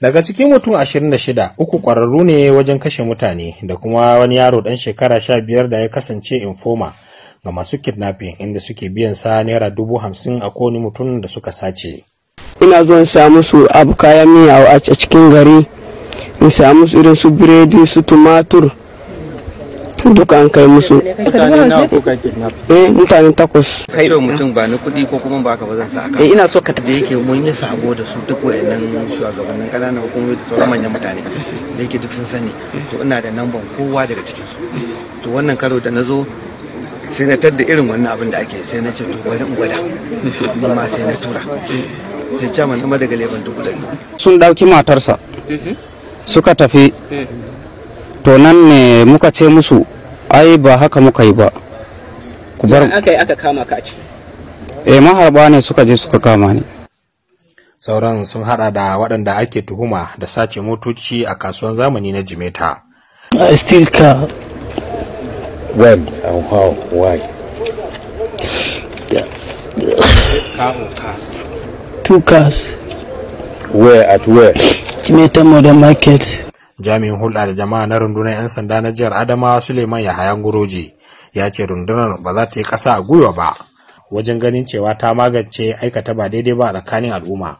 Daga cikin mutum 26, uku kwararru ne wajen kashe mutane da kuma wani yaro dan shekara sha biyar da ya kasance informa ga masu kidnapping inda suke biyan sa naira dubu hamsin a kowane mutum da suka sace. Ina zuwan samu su abu kayan miya a cikin gari, in samu su irin su biredi su tumatur, duka an kai musu eh mutane takwas kai da mutum ba ni kuɗi ko kuma ba ka bazan sa aka eh, ina so ka da yake mun yi sabo da su duk wayannan shugabannin kananan hukumomi da sauran manyan mutane da yake duk sun sani to ina da ban kowa daga cikin su to wannan karo da nazo sai na tadda irin wannan abin da ake sai na ce to bari in gwada ni ma sai na tura sai na kuma daga leban dubu dari sun dauki matarsa mm-hmm. suka tafi mm-hmm. to nan ne muka ce musu ai ba haka muka yi ba ku bar aka yi aka kama ka ce eh maharba ne suka je suka kama ni sauran sun hada da waɗanda ake tuhuma da sace motoci a kasuwan zamani na jimeta still car when and how why car or cars two cars where at where jimeta modern market jami'in hulɗa da jama'a na rundunar 'yan sanda na jihar adamawa suleiman yahayan guroje ya ce rundunar ba za ta yi ƙasa a gwiwa ba wajen ganin cewa ta magance aikata ba daidai ba a tsakanin al'umma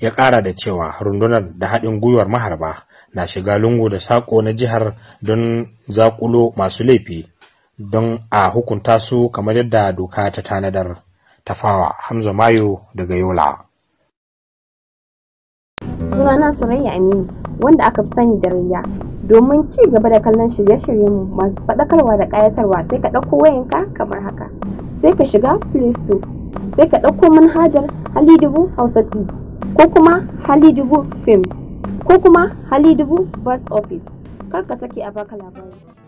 ya ƙara da cewa rundunar da haɗin gwiwar maharba na shiga lungu da saƙo na jihar don zaƙulo masu laifi don a hukunta su kamar yadda doka ta tanadar tafawa hamza mayo daga yola sunana Surayya Aminu wanda aka fi sani da Rayya. Domin ci gaba da kallon shirye-shiryenmu masu faɗakarwa da ƙayatarwa sai ka ɗauko wayanka kamar haka. Sai ka shiga Play Store, sai ka ɗauko manhajar Halidubu Hausa T ko kuma Halidubu Films ko kuma Halidubu Bus Office. Kar ka sake a baka labari.